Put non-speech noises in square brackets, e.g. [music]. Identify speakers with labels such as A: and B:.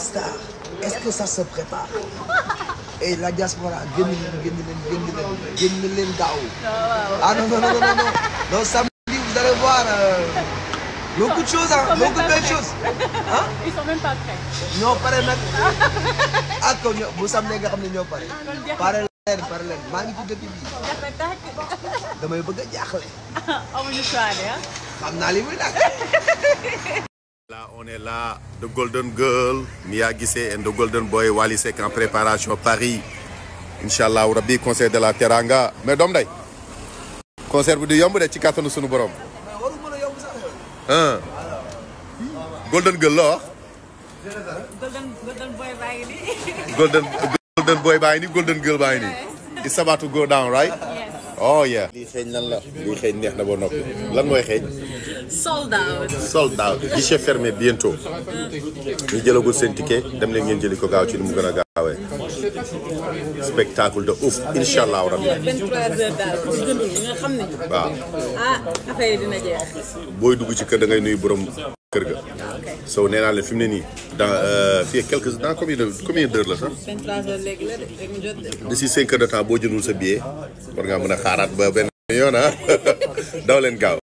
A: star est-ce que ça se la diaspora génn leen génn leen génn leen génn leen daaw ah, ah non non non non non euh, pare nag ak ah, ko ñoo bu samedi nga xam ne ñoo pare. Ah, pare leen pare leen maa ngi ci dëkk bi. damay bëgg a jaaxle. [laughs] amuñu nag.
B: [laughs] Là, on est là, The Golden Girl, Mia Guissé and The Golden Boy, Wally Seck en préparation Paris. Inch'Allah, Rabbi, concert de la Teranga. Mais doom day concert bi du yomb de ci kàttanu sunu borom. ah. Golden Girl la wax. Ah? Golden Golden [laughs] baa ngi nii. Golden Golden Boy baa Girl baa ngi nii. It's about to go down, right? Yes. Oh, xeeñ lan la lii xeeñ neex na ba noppi lan mooy xeeñ.
A: sold out sold
B: out guichet fermé bientôt ñu jëlagul sen ticket dem leen ngeen jëli ko gaaw ci ni mu gëna a spectacle de ouf inshallah rabbi 23h daal ah affaire yi dina jeex. boy dugg ci kër da ngay nuyu borom kër ga. so néna naa fimné ni dans euh fi quelques dans combien de combien d'heures là ça 23h légui la de rek mu jot de. ci 5 heures de temps bo jëndul sa billet war nga mëna xaarat ba ben yoon ah [laughs] daw leen gaaw.